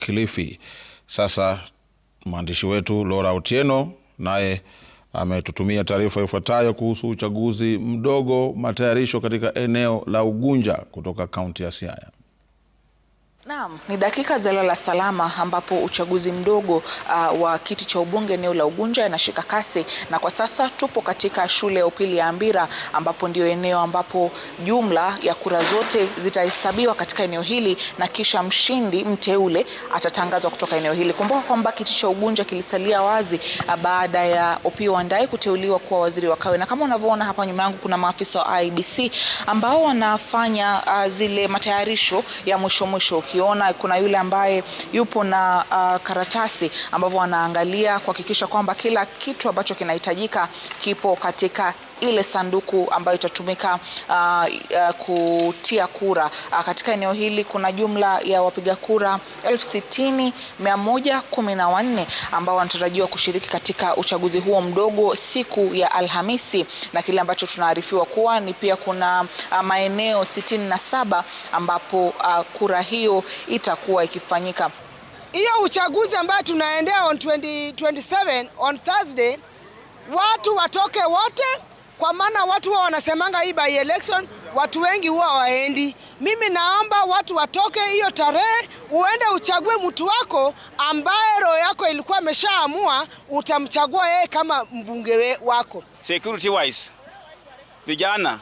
Kilifi. Sasa mwandishi wetu Laura Otieno naye ametutumia taarifa ifuatayo kuhusu uchaguzi mdogo, matayarisho katika eneo la Ugunja kutoka kaunti ya Siaya. Naam, ni dakika za lala salama ambapo uchaguzi mdogo uh, wa kiti cha ubunge eneo la Ugunja inashika kasi, na kwa sasa tupo katika shule ya upili ya Ambira ambapo ndio eneo ambapo jumla ya kura zote zitahesabiwa katika eneo hili na kisha mshindi mteule atatangazwa kutoka eneo hili. Kumbuka kwamba kiti cha Ugunja kilisalia wazi uh, baada ya Opiyo Wandayi kuteuliwa kuwa waziri wa kawe na kama unavyoona hapa nyuma yangu kuna maafisa wa IEBC ambao wanafanya uh, zile matayarisho ya mwisho mwisho ukiona kuna yule ambaye yupo na uh, karatasi ambavyo wanaangalia kuhakikisha kwamba kila kitu ambacho kinahitajika kipo katika ile sanduku ambayo itatumika uh, uh, kutia kura uh, katika eneo hili kuna jumla ya wapiga kura elfu sitini mia moja kumi na wanne ambao wanatarajiwa kushiriki katika uchaguzi huo mdogo siku ya Alhamisi, na kile ambacho tunaarifiwa kuwa ni pia kuna uh, maeneo sitini na saba ambapo uh, kura hiyo itakuwa ikifanyika. Hiyo uchaguzi ambayo tunaendea on 20, 27 on Thursday, watu watoke wote kwa maana watu wao wanasemanga hii by election, watu wengi huwa waendi. Mimi naomba watu watoke hiyo tarehe, uende uchague mtu wako ambaye roho yako ilikuwa ameshaamua utamchagua yeye kama mbunge wako. Security wise, vijana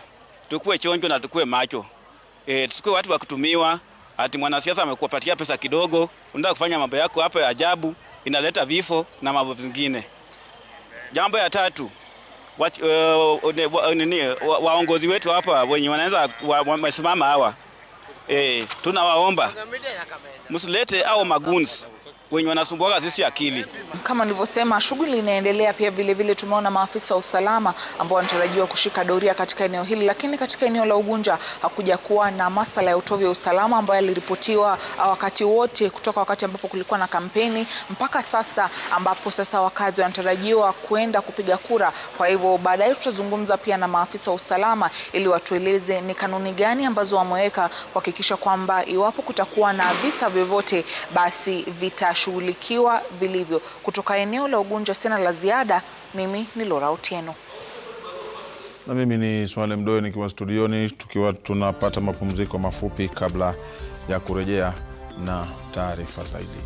tukue chonjo na tukue macho e, tukue watu wa kutumiwa ati mwanasiasa amekupatia pesa kidogo, unataka kufanya mambo yako hapo ya ajabu, inaleta vifo na mambo vingine Jambo ya tatu Uh, uh, uh, waongozi wetu hapa wenye wanaweza wamesimama hawa, eh, tunawaomba msilete hao magunzi wenye wanasumbuaga sisi akili. Kama nilivyosema, shughuli inaendelea. Pia vile vile tumeona maafisa wa usalama ambao wanatarajiwa kushika doria katika eneo hili, lakini katika eneo la Ugunja hakuja kuwa na masala ya utovu wa usalama ambayo yaliripotiwa wakati wote, kutoka wakati ambapo kulikuwa na kampeni mpaka sasa ambapo sasa wakazi wanatarajiwa kwenda kupiga kura. Kwa hivyo baadaye tutazungumza pia na maafisa wa usalama ili watueleze ni kanuni gani ambazo wameweka kuhakikisha kwamba iwapo kutakuwa na visa vyovyote basi vita wanashughulikiwa vilivyo. Kutoka eneo la Ugunja sina la ziada, mimi ni Lora Otieno na mimi ni Swale Mdoe nikiwa studioni tukiwa tunapata mapumziko mafupi kabla ya kurejea na taarifa zaidi.